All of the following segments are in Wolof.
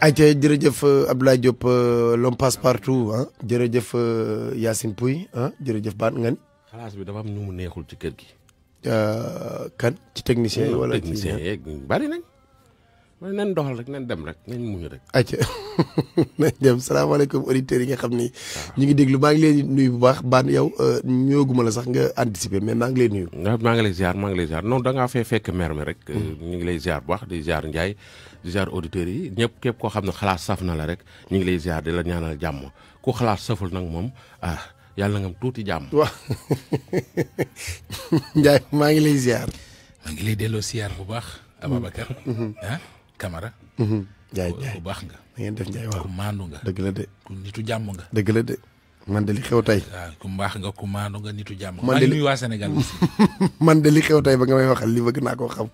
ayca jërëjëf euh, Abdoulaye Diop euh, l'homme passe partout ah jërëjëf euh, Yacine Pouy ah jërëjëf baat nga ni. bi dafa am ñu mu neexul ci kër gi. kan ci technicien yi wala technicien yeeg bari nañ. mooy nan doxal rek nan dem rek nañ muñu rek. ayca nañ dem salaamaaleykum yi nga xam ni. ñu ngi déglu maa ngi leen bu baax baan yow euh, ñëwaguma la sax nga anticiper mais maa ngi lay nuyu. waaw maa ngi lay ziar maa ngi lay ziar fekk mer mi rek. Mm. Euh, ñu ngi lay ziar bu baax di ziar Ndiaye di ziar yi ñëpp képp koo xam ne xalaat saf na la rek ñu ngi lay ziar di la ñaanal jàmm ku xalaat saful nag moom ah, yàlla nga am tuuti jàmm. waaw Ndiaye maa ngi lay ziar. maa ngi lay delloo ziar bu baax. Ababacar mm-hmm. ah. Camara. Mhm. jaay jaay ku baax nga. da def njaay waaw ku maandu nga. dëgg la de ku nitu jàmm nga. dëgg la de. man de li xew tey. Ah, ku mbaax nga ku maandu nga nitu jàmm. man de li waa Sénégal aussi. man de li xew tey ba nga may waxal li bëgg naa koo xam.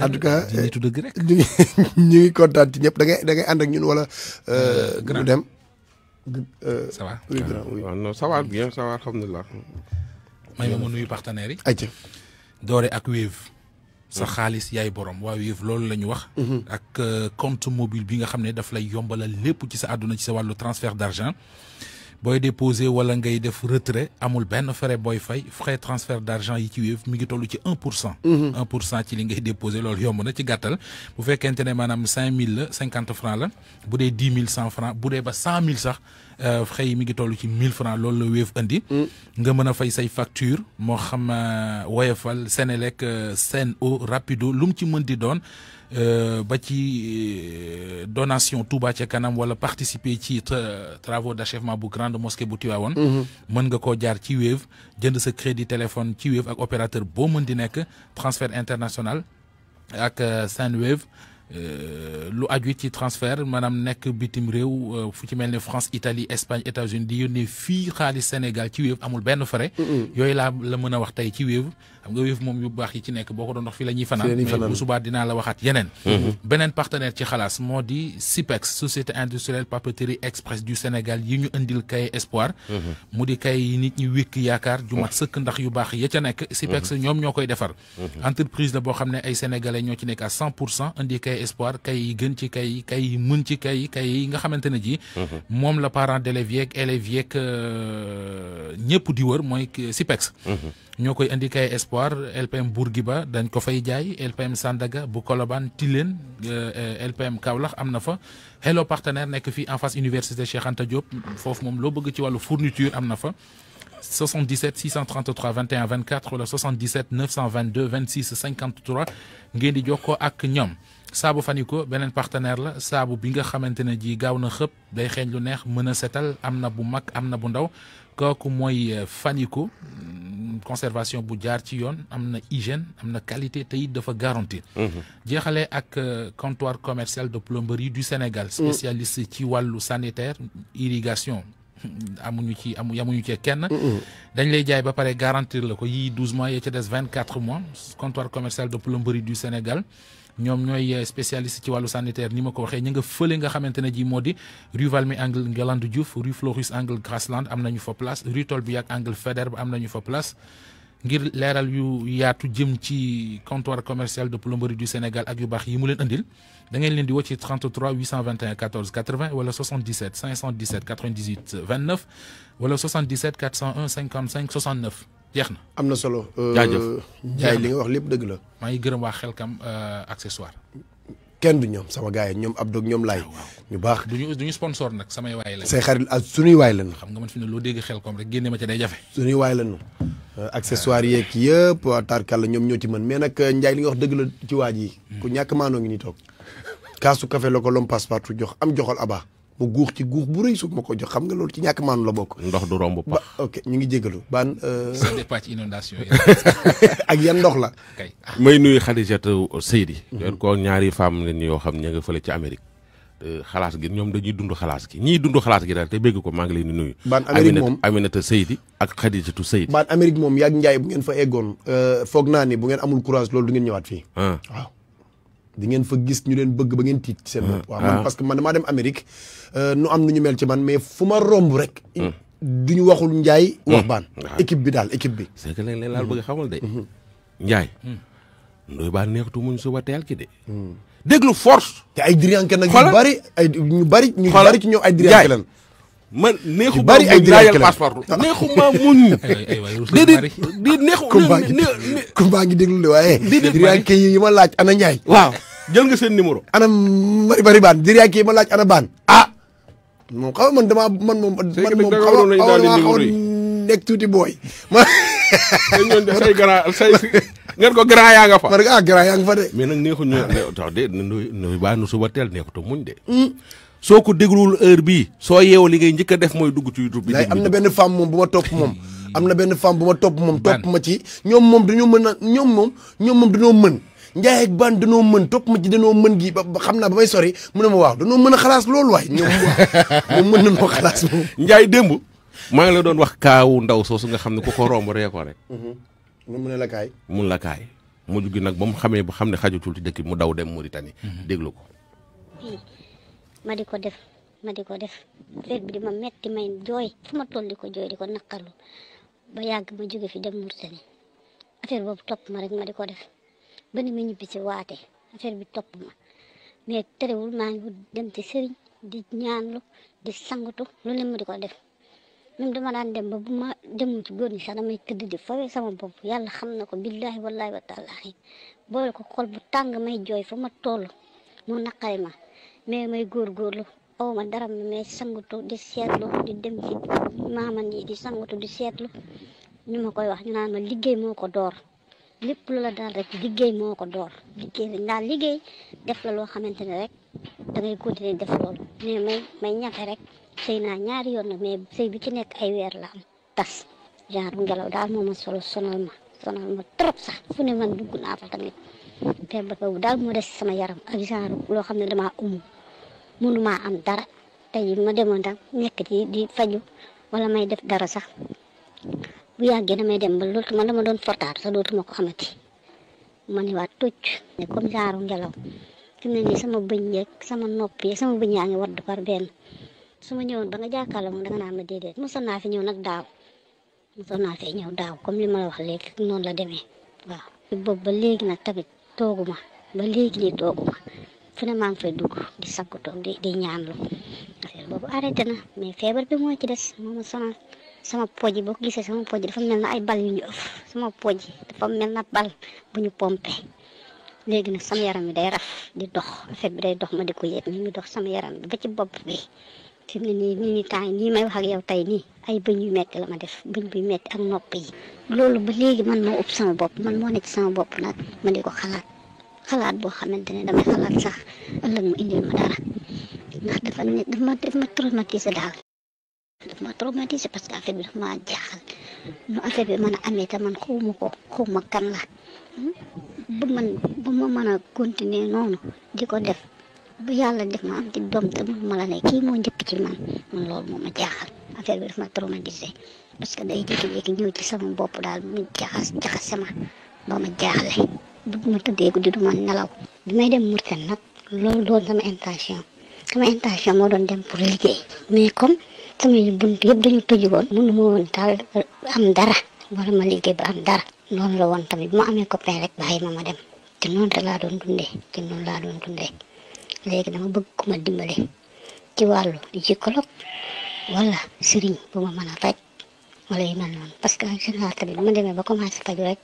en tout cas nitu dëgg rek. ñu ngi ñu ngi kontaan ci ñëpp da ngay da ngay ànd ak ñun wala. Euh, euh, grand ñu dem. Euh, ça va. oui grand oui non ça va bien ça va alhamdulilah. may ma ma nuyu partenaires yi. ayca. doore ak Wave. sa xaalis yaay borom waa Wave loolu la ñu wax. Mhm. ak euh, compte mobile bi nga xam ne daf lay yombalal lépp ci sa àdduna ci sa wàllu transfert d'argent. booy déposé wala ngay def retrait amul benn frais booy fay frais transfert d'argent yi ci Wave mi ngi toll ci 1 pour cent. Mhm. un pour cent ci li ngay déposé loolu yomb na ci gàttal. bu fekkente ne maanaam cinq la 50 francs la bu dee dix mille francs bu dee ba cent mille sax. Euh, frais yi mi ngi 1000 francs loolu la Wave indi. Mm. nga mën a fay say facture moo xam senelek sen rapide. Rapido lu ci mën di doon euh, ba ci euh, donation Touba ca kanam wala participer travaux d'achèvement bu grande mosquée bu Tivaouane. Mm-hmm. mën nga koo jaar ci Wave jënd crédit téléphone ci Wave ak opérateur boo mën di transfert international ak euh, lu aju ci transfert madame Nek bitim Reu, fu France Italie Espagne États-Unis di fille à xaalis Sénégal ci est amul benn frais. yoy la mën a wax tay ci Wave xam nga Wave mom yu bax yi ci nek boko ko wax la ñuy la mm-hmm. partenaire ci maudit modi SIPEX société industrielle papeterie express du Sénégal yi ñu andil kay espoir. modique mm-hmm. kay yi nit ñi wék yaakar ju mat seuk ndax yu bax ya ca nek SIPEX mm-hmm. ñom ñokoy koy entreprise la bo ay sénégalais ñoo ci à 100 pour cent kay espoir kay gën ci kay kay yi mën ci kay kay nga xamantene ji. Mhm. mom la parent d'élèves yeeg élèves yeeg euh, ñëpp di wër moy SIPEX. Mhm. ñokoy koy kay espoir LPM Bourguiba dañ ko fay jaay LPM Sandaga bu Tilen, tilen euh, LPM Kaolack Amnafa. fa. Hello partenaire nek fi en face université Cheikh Anta Diop fofu mom lo bëgg ci walu fourniture amna fa. 77 633 21 24 77 922 26 53 ngeen di jokkoo ak ñom Sabu faniko benen partenaire la Sabu bi nga xamantene ji gaaw na xëpp day xéñ lu neex mëna sétal setal bu mag amna bu ndaw koku moy euh, faniko mm, conservation bu jaar ci yoon amna hygiène amna na qualité te dafa garantir mhm. ak euh, comptoir commercial de plomberie du Sénégal mm. spécialiste ci walu sanitaire irrigation amuñu ci amu yamuñu ci kenn dañ lay jaay ba paré garantir la ko yii mois yee ci des vingt mois comptoir commercial de plomberie du Sénégal ñom ñoy spécialiste ci walu sanitaire ni mako waxe ñinga feulé nga fële ji modi rue Valmy angle Diouf rue Florus angle Grasland am nañu fa place rue Tolbiac angle Feder am nañu fa place ngir léral yu yaatu jëm ci comptoir commercial de plomberie du Sénégal ak yu bax yi mu leen andil da ngeen leen di ci 33 821 14 80 wala 77 517 98 29 wala 77 401 55 69. jeex na am na solo. Euh, jaajëf jaay li nga wax lépp dëgg la. maa ngi gërëm waa xelkam euh, accessoire. kenn du ñoom sama gars yi ñoom ab ak ñoom laay ah, ñu baax du ñu du ñu sponsor nag samay waay lañ. say xarit ak suñuy waay lañ. xam nga man fi ne loo dégg xelkom rek génne ca day jafe. suñuy waay lañ. Euh, accessoire yeeg yëpp waa tarkalla ñoom ñoo ci mën mais nag Ndiaye li nga wax dëgg la ci waaj yi. ku ñàkk maanoo ngi ni toog. kaasu café la ko lom passe jox am joxal abaa. mu guux ci guux bu rëy su ma ko jox xam nga loolu ci ñàkk maanu la bokk. ndox du romb pax ok ñu ngi jégalu ban ça dépend ci inondation yi ak yan ndox la. kay ah. may nuyu Xadijat Seydi. Mhm. yoon ko ñaari femmes lañ yoo xam ña nga fële ci Amérique. Euh, xalaas gi ñoom dañuy dund xalaas gi ñiy dund xalaas gi daal te bëgg ko maa ngi leen di nuyu. baan Amérique moom Aminata Seydi ak Xadijatu Seydi. baan Amérique moom yaa ngi Njaay bu ngeen fa eggoon. Euh, foog naa ni bu ngeen amul courage loolu du ngeen ñëwaat fii. Ah. di ngeen fa gis ñu leen bëgg ba ngeen tiit seen bopp ah. parce que man damaa dem Amérique euh, nu am nu ñu mel ci man mais fu ma romb rek hmm. ñu waxul Njaay hmm. wax baan hmm. ah. équipe bi daal équipe bi c'est que léeg lañ laal bëgg xamal de Njaay ndoy baa mu muñ suba teel ki de déglu force te ay diriyanke nag ñu bari ñu bari ñu bari ci man neexu ma mu daayal passeport neexu ma muñu. déedéet di neexu. Kumba ngi déglu de waaye. déedéet Riyaanke yi ma laaj ana Ndiaye. waaw jël nga seen numéro. ana Mari Bari Baan Riyaanke yi ma laaj ana Baan. ah moom xaw man damaa man moom. man moom xaw ma xaw nekk tuuti booy. ma. ñooñu de say grand say ngeen ko grand yaa nga fa. parce que ah grand yaa nga fa de. mais nag neexu ñu ne tax de nuyu nuyu baa nu suba teel neexutu muñ de. Hmm. soo ko dégluwul heure bii soo yeewoo li ngay njëkk a def mooy dugg ci YouTube bi. am na benn femme moom bu moom. Hmm. am na benn femme bu ma topp moom. topp ma ci ñoom moom dañoo mën a ñoom ñoom moom dañoo mën. Ndiaye ak danoo mën topp ma ci danoo mën gi ba xam naa ba may sori mu ne ma waaw danoo mën a xalaas loolu waay mën nañoo xalaas moom. démb maa ngi la doon wax kaawu ndaw soosu nga xam ne ku ko romb ree ko rek. Mhm. mun na la mun la kaay mujj nag ba mu xamee ba xam ne xajutul ci dëkk mu daw dem Mauritanie. Mhm. déglu ko. ma di ko def ma di ko def feet bi di ma metti may joy fu ma toll di ko joy di ko nakalu ba yàgg ma jóge fi dem Mauritanie affaire boobu topp ma rek ma di ko def ba ni ma ñibbi si waate affaire bi topp ma mais terewul maa ngi dem ci sëriñ di ñaanlu di sangutu lu ne ma di ko def même dama daan dem ba bu ma demul ci góor ñi sax damay tëdd di fawee sama bopp yàlla xam na ko billahi wallahi wa taalaahi boole ko xol bu tàng may jooy fa ma toll mu naqare ma mais may góorgóorlu aw oh, ma dara mais sangutu di seetlu di dem ci maaman yi di sangutu di seetlu ñu ma koy wax ñu naan ma liggéey moo ko door lépp lu la daal rek liggéey moo ko door liggéey dañ daal liggéey def la loo xamante ne rek dangay ngay continuer def loolu mais may may rek sëy naa ñaari yoon nag mais sëy bi ci nekk ay weer la am tas genre ngelaw daal moo ma solo sonal ma sonal ma trop sax fu ne man dugg naa fa tamit feebar boobu daal moo des sama yaram ak genre loo xam ne damaa mënumaa am dara tey jii ma demoon tam nekk ci di faju wala may def dara sax bu yàggee damay dem ba loolu la ma doon fortaat sax dootuma ko amati ma ne waa tucc ne comme genre ngelaw fi mu ne nii sama bëñ yeeg sama nopp yeeg sama bëñ yaa ngi wadd par benn su ma ñëwoon ba nga jàkkaarloo moom danga naa ma déedéet mosoon naa fi ñëw nag daaw mosoon naa fi ñëw daaw comme li ma la wax léegi noonu la demee waa boobu ba léegi nag tamit tooguma ba léegi nii tooguma fune ne ngi fay dug di sakku tok di di ñaanlu affaire bobu arrêté na mais fièvre bi mo ci dess moo ma sama poj boo gisse sama poj dafa melna ay bal yu ñu ëf sama poj dafa melna bal bu ñu pompé légui na sama yaram bi day raf di dox affaire bi day dox ma di ko yépp mi ngi dox sama yaram bi ba ci bop bi ci ni ni ni tay ni may wax ak yow tay ni ay bañ yu metti la ma def bañ bi metti ak nopi lolu ba légui man mo upp sama bop man mo ne ci sama bop nak ma di ko xalaat xalaat boo xamante ne damay xalaat sax ëllëg mu indil ma dara ndax dafa ne daf ma daf ma traumatisé daal daf ma traumatisé parce que affaire bi daf maa jaaxal nu affaire bi mën a amee te man xawma ko xawma kan la bu man bu ma mën a continuer noonu di ko def bu yàlla def ma am ci doom te mënu ma la ne kii moo njëkk ci man man loolu moo ma jaaxal affaire bi daf ma traumatisé parce que day jékki-jékki ñëw ci sama bopp daal mu jaxas jaxase ma ba ma bu ma ku guddi du ma nelaw bi may dem Mourten nag loolu doon sama intention sama intention moo doon dem pour liggéey mais comme samay bunt yëpp dañu tëju woon mënu ma woon daal am dara wala ma liggéey ba am dara noonu la woon tamit bu ma amee copain rek bàyyi ma ma dem te noonu rek laa doon dundee te noonu laa doon dundee léegi dama bëgg ku ma dimbale ci wàllu gynécologue wala sëriñ bu ma mën a faj wala yu mel noonu parce que en général tamit bu ma demee ba commencé faju rek.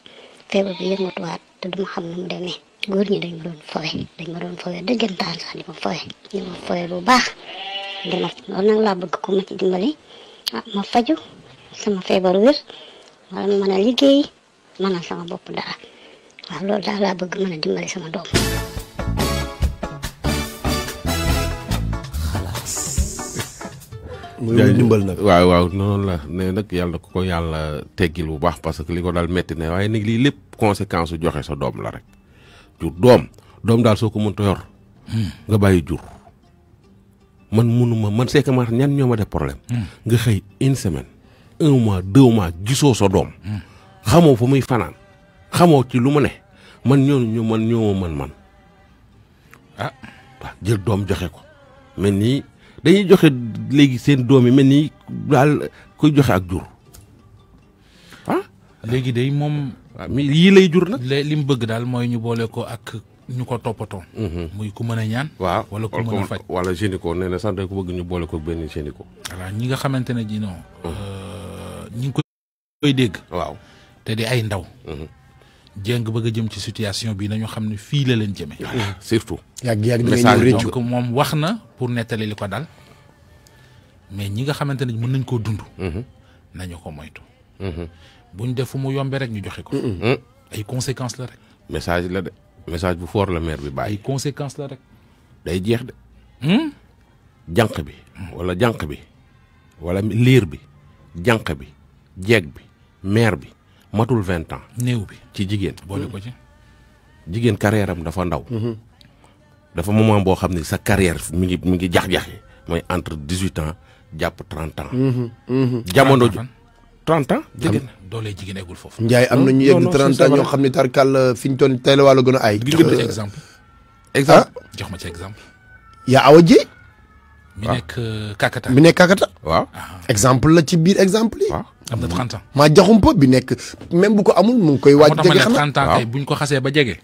feebar bi yëngatuwaat te duma xam nu mu demee góor ñi dañ ma doon fowe dañ ma doon fowe dëggantaan sax di ma fowe di ma fowe bu baax di ma loolu laa bëgg ko ma ci dimbali ah ma faju sama feebar wér wala ma mën a liggéey mënal sama bopp dara waaw loolu daal laa bëgg mën a dimbali sama doom muy wut ndimbal nag waaw waaw noonu la ne nag yàlla ku ko yàlla teggil bu baax parce que li ko daal metti na waaye nag lii lépp conséquence joxe sa doom la rek jur doom doom daal soo ko mënta yor nga bàyyi jur man munuma man c'est ma ñan ñoo ma def problème nga xëy une semaine un mois deux mois gisoo sa doom xamoo muy xamoo ci man ñoo ñu man ñoo man man ah jël dom joxe ko mais dañuy joxe léegi seen doom yi mel nii daal koy joxe ak jur ah. léegi day moom. yii lay jur nag. li mu bëgg daal mooy ñu boole ko ak ñu ko toppatoo. Mm-hmm. muy ku mën a ñaan. waaw wala ku mën faj wala génico nee na sax day ko bëgg ñu boole ko benn génico. voilà ñi nga xamante ne jii noo ñu ngi koy dégg. waaw te di ay ndaw. Mm-hmm. jéng bëgg a jëm ci situation bii nañu xam ne fii la leen jëmee. surtout. yàgg yàgg da moom wax na pour nettali li ko dal mais ñi nga xamante ne mën nañ koo dund. Mhm. nañu ko moytu. Mhm. buñ def fu mu yombee rek ñu joxe ko. Mm. ay message la de message bu foor la maire bi bàyyi. ay conséquences la rek. day jeex de. Hmm? jànq bi. walla jànq bi. wala liir bi. jànq bi jeeg bi maire bi. suis 20 ans. new bi ci ko mm. ci jigen carrière am dafa ndaw. Mm-hmm. dafa moment bo xamni sa carrière mi ngi jax entre 18 ans jàpp 30 ans. Mm-hmm. Mm-hmm. jamono ans. jigéen doole ans? am yegg 30 ans ñoo xamni tarkal euh, fiñ a ay. Euh, exemple. exemple ah? jox ma ci exemple. ya awaji mi nekk Kakata exemple la ci biir exemple yi. am na 30 ans. maa jaxumpa bi nek même bu ko amul mu ngi koy. waaj jege xam na 30 ans kay buñ ko xasee ba jege.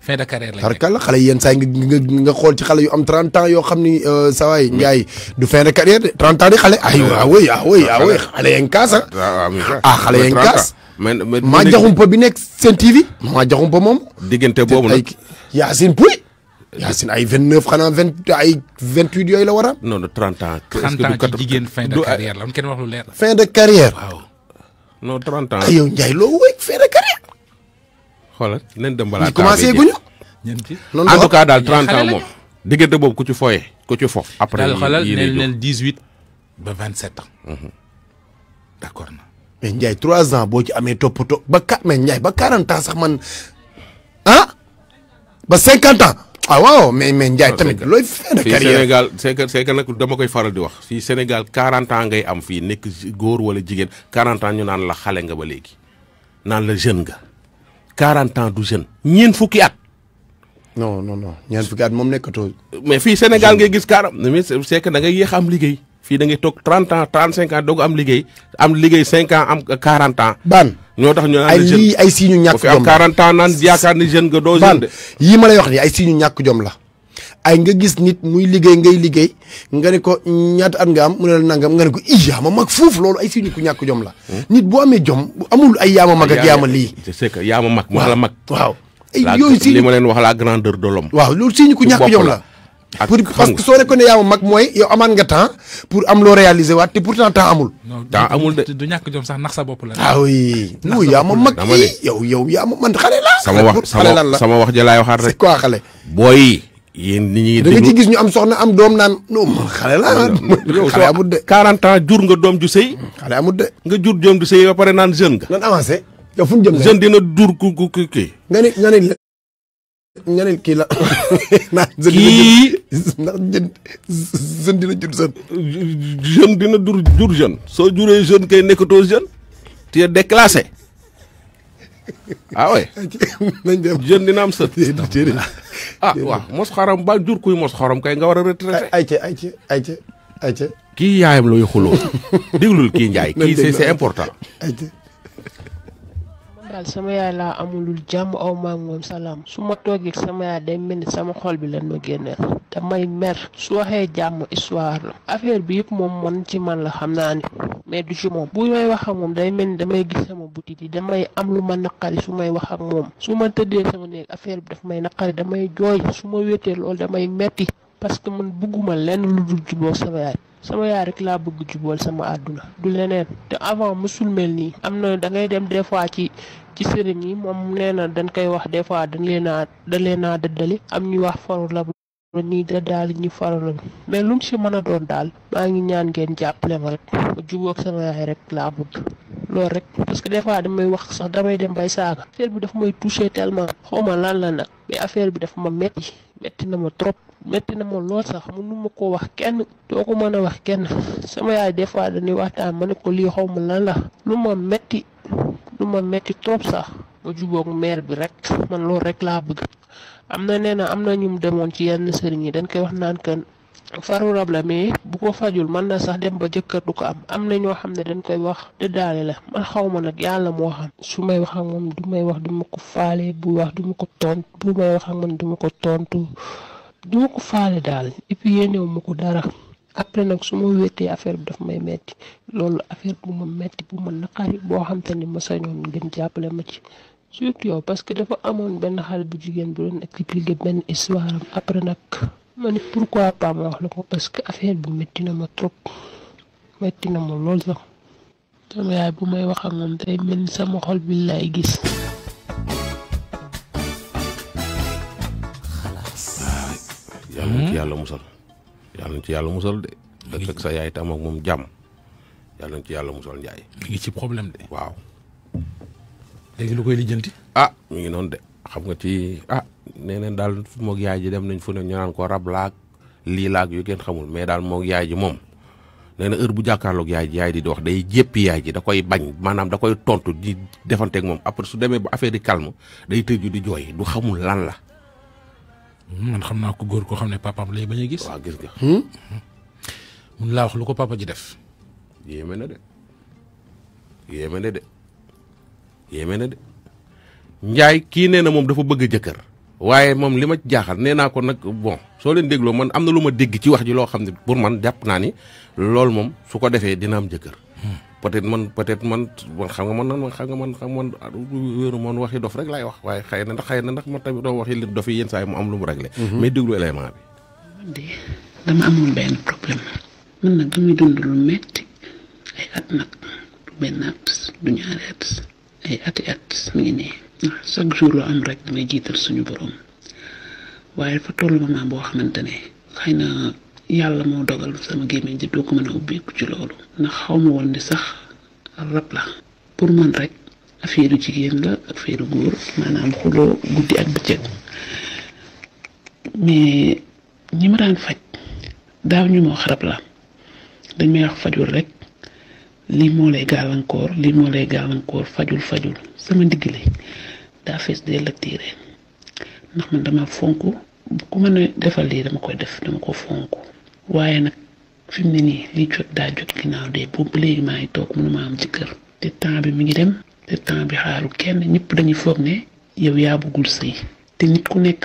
fin de carrière la xale yenn saa yi nga nga xool ci xale yu am 30 ans yoo xam ni euh, saa waay mm. du fin de carrière 30 ans di xale. ay mm. waaw oui ah oui ah oui xale yaa ngi ah. waaw ah xale yaa ngi kaas. bi nekk seen TV. maa jaxumpa moom. diggante boobu nag Yacine Pouy. Yassine ay 29 xana 20 ay 28 yoy la non non 30 ans 30 ans ci une fin de carrière la fin de carrière non 30 ans ayou ndjay lo way fin de carrière xolat nen dem tu ni commencé guñu ñen ci en tout cas dal 30 ans mom digënté bob ku ci foyé ku ci fof après dal xolal nen nen 18 ba 27 ans d'accord na mais ndjay 3 ans bo ci amé topoto ba 4 mais ndjay ba 40 ans sax man hein ba 50 ans ah waaw mais mais Ndiaye tamit looy fin de carrière Sénégal c'est que c'est nag dama koy faral di wax fii Sénégal 40 ans ngay am fii nekk góor wala jigéen 40 ñu naan la xale nga ba léegi naan la jeune nga 40 ans du jeune ñeen fukki at. non non non ñeen fukki at moom nekkatoo. mais fii Sénégal ngay gis 40 mais c'est que ngay yéex am liggéey. fii da ngay toog 30 ans 35 ans doog am liggéey am liggéey 5 ans am 40 ans. ban ñoo tax ñu naan ay lii ay si ñu ñàkk jom la am nga doo jeune de. yii ma lay wax nii ay si ñu ñàkk jom la. ay nga gis nit muy liggéey ngay liggéey nga ne ko ñaata at nga am mu ne la nangam nga ne ko ii yaa ma mag foofu loolu ay si ñu ku ñàkk jom la. Hmm? nit boo amee jom amul ay yaa ma mag ak yaa ma lii. c'est que yaa ma mag. waaw moo la mag waaw. ay yooyu si li ma leen wax la grandeur de l'homme. waaw loolu si ñu ku ñàkk jom la. pour parce que soo nekkoon ne mag mooy yow amaan nga temps pour am loo réalisé waat te pourtant temps amul. temps amul de du ñàkk jom sax sa bopp la. ah oui yaa ma mag yow yow yaa ma man xale la. sama wax sama sama wax jëlaay waxaat rek. c'est quoi booy yéen nit ñi da nga ci gis ñu am soxna am doom naan non xale la xale amul de. 40 ans jur nga doom ju sëy. xale amul de. nga jur doom ju sëy ba pare naan jeune nga. nan avancé yow fu ñu jëm jeune dina jur ku ku kii. nga kii la. kii ndax jeune dina jur jeune. jeune soo juree jeune kay nekkatoo jeune. tu es déclassé. ah oui. jeune dina am sët. ah, ah waaw mos xaram ba jur kuy mos xorom kay nga war a retraité. ay ayca ayca ayca ayca. kii yaayam looy xuloo déglul kii Ndiaye. kii c'est important. daal sama yaay laa amulul jàmm aw maag moom salaam su ma toogee sama yaay day mel ni sama xol bi lan ma génneel damay mer su waxee jàmm histoire la affaire bi yëpp moom man ci man la xam naa ni mais du ci moom bu may wax ak moom day mel ni damay gis sama butit yi damay am lu ma naqari su may wax ak moom su ma tëddee sama néeg affaire bi daf may naqari damay jooy su ma wéetee loolu damay metti parce que man bugguma lenn lu dul juboo sama yaay sama yaay rek laa bëgg jubal sama àdduna du leneen te avant mësul mel nii am na da ngay dem des fois ci ci sëriñ yi moom nee na dañ koy wax des fois dañ leen a dañ leen a dëddali am ñuy wax faru la nii da daal ñu faru la mais lu mu si mën a doon daal maa ngi ñaan ngeen jàppale ma rek ma jubóog sama yaay rek laa bëgg loolu rek parce que des fois damay wax sax damay dem bay saaka affaire bi daf may touché tellement ma lan la nag mais affaire bi daf ma metti metti na ma trop metti na ma lool sax mënu ma koo wax kenn doo ko mën a wax kenn sama yaay des fois dañuy waxtaan ma ne ko lii xaw ma lan la lu ma metti lu ma metti trop sax ma jubóog maire bi rek man loolu rek laa bëgg am na nee na am na ñu demoon ci yenn sëriñ yi dañ koy wax naan kan faru la mais bu ko fajul mën na sax dem ba jëkkër du ko am am na ñoo xam ne dañ koy wax dëddaale la man xaw ma nag yàlla moo xam su may wax ak moom du may wax du ma ko faale bu wax du ma ko tontu bu may wax ak man du ma ko tontu du ko faale daal et puis ma ko dara après nag su ma wéetee affaire bi dafa may metti loolu affaire bu ma metti bu ma naqari boo xam te ni ma sa sañoon ngeen jàppale ma ci surtout yow parce que dafa amoon benn xale bu jigéen bu doon expliquer benn histoire après nag. mani pourquoi pas ma wax la ko parce que affaire bi metti na ma trop metti na ma lool sax sama yaay bu may wax ak moom day mel ni sama xol bi lay gis ah, yàlla ci yàlla musal yàlla ci yàlla musal de dëkk ak sa yaay tam ak moom jàmm yàlla ci yàlla musal njaay mi ngi ci problème de waaw léegi lu koy lijjanti ah mi ngi noonu de xam nga ci ah nee neen daal moog yaay ji dem nañ fu ne ñu naan ko rab laag lii laag yu kenn xamul mais daal moog yaay ji moom nee na heure bu jàkkaarloog yaay ji yaay di di wax day jéppi yaay ji da koy bañ maanaam da koy tontu di defanteek moom après su demee ba affaire di calme day tëju di jooy du xamul lan la. xam naa ko góor koo xam ne papaam lay bañ a gis. waaw gis nga. Hmm? mun laa wax lu ko papa ji def. yéeme na de yéeme na de yéeme na Njaay kii nee na moom dafa bëgg jëkkër. waaye moom li ma jaaxal nee naa ko nag bon soo leen dégloo man am na lu ma dégg ci wax ji loo xam ne pour man jàpp naa ni lool moom su ko defee dina am jëkkër. Hmm. peut-être man peut-être man man xam nga man man xam nga man xam man wéeru man waxi dof rek laay wax waaye xëy na ndax xëy na ndax man tamit doo waxi dof yi yenn saa yi mu am lu mu réglé. Hmm. mais déglu élément bi. dama amoon benn problème man nag damay dund lu metti ay at nag du benn at du ay ati at mi ngi chaque jour lu am rek damay jiital suñu borom waaye dafa toll moment boo xamante ne xëy na yàlla moo dogal sama gémmiñ ji doo ko mën a ubbeeku ci loolu ndax xaw ma woon di sax rab la pour man rek affaire jigéen la affaire góor maanaam xuloo guddi ak bëccëg mais ñi ma daan faj daaw ñu ma wax rab la dañ may wax fajul rek lii moo lay gàllankoor lii moo lay gàllankoor fajul fajul sama ndigg li daa fees de ak tiire ndax man dama fonk ku mën a defal lii dama koy def dama ko fonk waaye nag fi mu ne nii lii jot daa jot ginnaaw dee boobu léegi maa ngi toog mënuma am ci kër te temps bi mi ngi dem te temps bi xaaru kenn ñëpp dañuy foog ne yow yaa bëggul sëy te nit ku nekk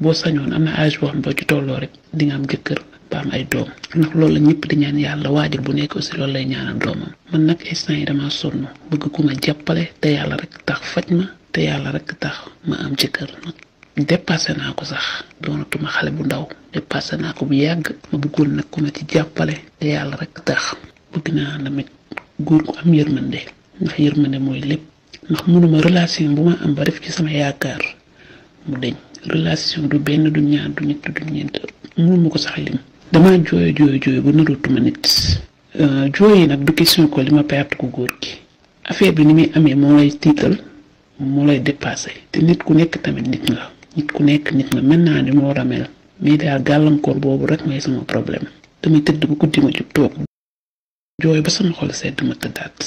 boo sañoon am na âge boo xam ne boo ci tolloo rek di nga am jëkkër ba am ay doom ndax loolu la ñëpp di ñaan yàlla waajur bu nekk aussi loolu lay ñaanal doomam man nag instant yi dama sonn te yàlla rek tax faj te yàlla rek tax ma am jëkkër nag dépassé naa ko sax doonatuma xale bu ndaw dépassé naa ko bu yàgg ma bëggoon nag ko ma ci jàppale te yàlla rek tax bëgg naa tamit góor gu am yërmande ndax yërmande mooy lépp ndax mënuma relation bu ma am ba def ci sama yaakaar mu deñ relation du benn du ñaar du ñett du ñeent mënuma ko sax lim damaa jooy jooy jooy ba nëratuma nit euh, jooy yi nag du question ko li ma perte ko góor gi affaire bi ni muy amee moo lay tiital mu lay dépassé te nit ku nekk tamit nit nga nit ku nekk nit nga mel naa ni mu ramel a mel mais daa gàllankoor boobu rek may sama problème damay tëdd bu guddi ma jub toog jooy ba sama xol sedd ma tëddaat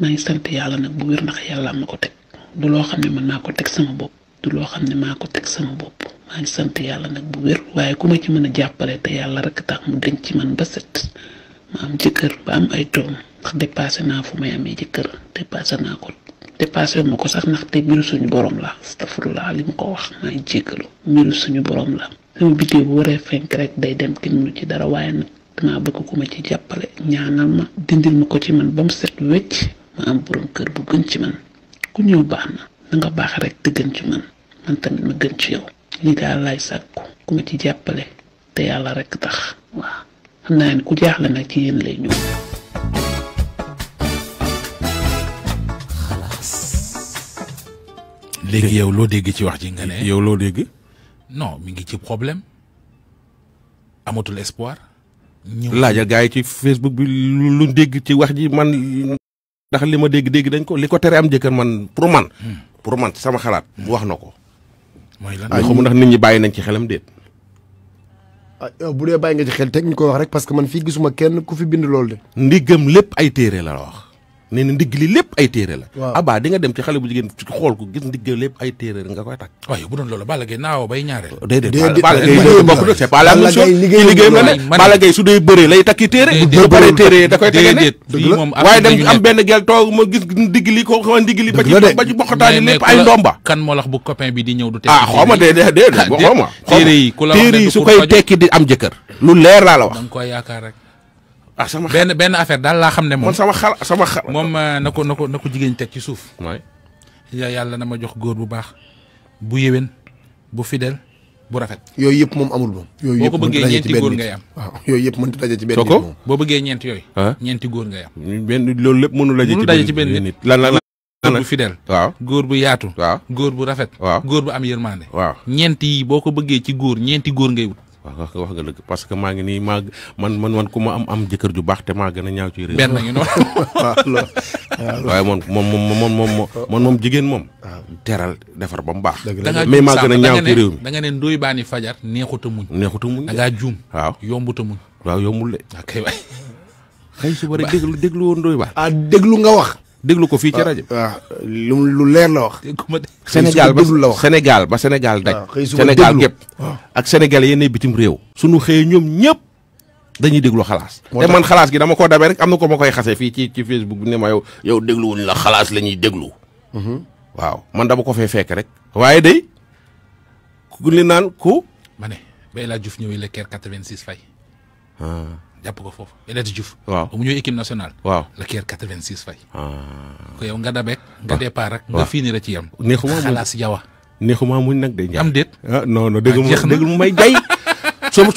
maa ngi sant yàlla nag bu wér ndax yàlla ma ko teg du loo xam ne mën naa ko teg sama bopp du loo xam ne maa ko teg sama bopp maa ngi sant yàlla nag bu wér waaye ku ma ci mën a jàppale te yàlla rek tax mu denc ci man ba set ma am jëkkër ba am ay doom ndax dépassé naa fu may amee jëkkër dépassé naa ko te passé mako sax te biru suñu borom la astaghfirullah lim ko wax maa jéggalu miru suñu borom la sama bité bu waree fenk rek day dem kenn mënu ci dara waye nak dama bëgg ma ci jappalé ñaanal ma dindil mako ci man bam set ma am borom kër bu gën ci man ku ñew baax na nga baax rek te gën ci man man tamit ma gën ci yow li da lay sakku ku ci jappalé te yalla rek tax waaw xamna ku jaxlé nak ci yeen lay ñu léegi yow loo dégg ci wax ci nga ne. yow loo dégg. non mu ngi ci problème amatul espoir. ñëw laajal gars yi ci Facebook bi lu dégg ci wax ji man ndax li ma dégg dégg dañ ko li ko tere am jëkkër man pour man. Hmm. pour man sama xalaat. Hmm. wax na ko. mooy lan ah, xamu ndax nit ñi bàyyi nañ ci xelam déet. ah bu dee bàyyi nga ci xel teg ñu koy wax rek parce que man fii gisuma kenn ku fi bind loolu de. ndigam lépp ay téere la wax. nee na ndigg li lépp ay téere la abaa di nga dem ci xale bu jigéen xool ko gis ndigg lépp ay téere la nga koy takk waaye bu su dee bëree lay takki téere bu bëree téere da koy tege ne waaye dem am benn gel toog ma gis ndigg li ko xaw ndigg li ba ci ba lépp ay ndomba kan moo lax bu copain bi di ñëw du tekki ah xaw ma dee dee dee xaw ma téere yi ah, su koy tekki di am jëkkër lu leer laa la wax da nga rek ah sama benn benn affaire daal laa sama xala sama xala. moom euh, na ko na ko na ko jigéen teg ci suuf. Ya, na ma jox bu baax bu yéwén bu fidèle bu rafet. yooyu amul moom. yooyu yëpp mënut a daje ci benn boo ko bëggee ñeenti ah? góor ci nit ci nit lan lan bu fidèle. waaw góor bu yaatu. waaw góor bu rafet. waaw bu am yërmande. waaw ñeenti yi boo ci ngay wut wax nga wax nga dëgg parce que maa ngi nii maa man man man ku ma am am jëkkër ju baax te maa gën a ñaaw ci réew. benn ngi noonu waaye moom moom moom moom moom moom jigéen moom. teral defar ba mu baax. mais maa gën a ñaaw ci réew mi da nga ne ndoy baani fajar neexut a muñ. neexut a muñ juum. waaw yombut a muñ. waaw yombul de. ok waay. xëy suba rek déglu déglu woon ndoy baax. Ah, déglu nga wax. déglu ko fii ci ah, rajo. waaw ah, lu lu leer la wax. Sénégal ba Sénégal ba Sénégal daj. Ah, Sénégal gépp ak Sénégal yenn bitim réew. suñu xëyee ñoom ñëpp dañuy déglu xalaas. te man xalaas gi dama ko dabee rek am na ko ma koy xasee fii ci ci Facebook bi ne ma yow. yow dégluwuñ la xalaas la ñuy déglu. Mm-hmm. waaw man dama ko fee fekk rek. waaye de ku li naan ku. ma ne Baye Diouf ñëwee la kër 86 fay. jàpp ko foofu El Hadj Diouf. waaw mu ñëw équipe nationale. waaw la keer 86 fay. Ah. ko yow nga dabeek. nga départ nga fini la yam. neexuma mu muñ nag de. am déet ah non ah, mu may jay.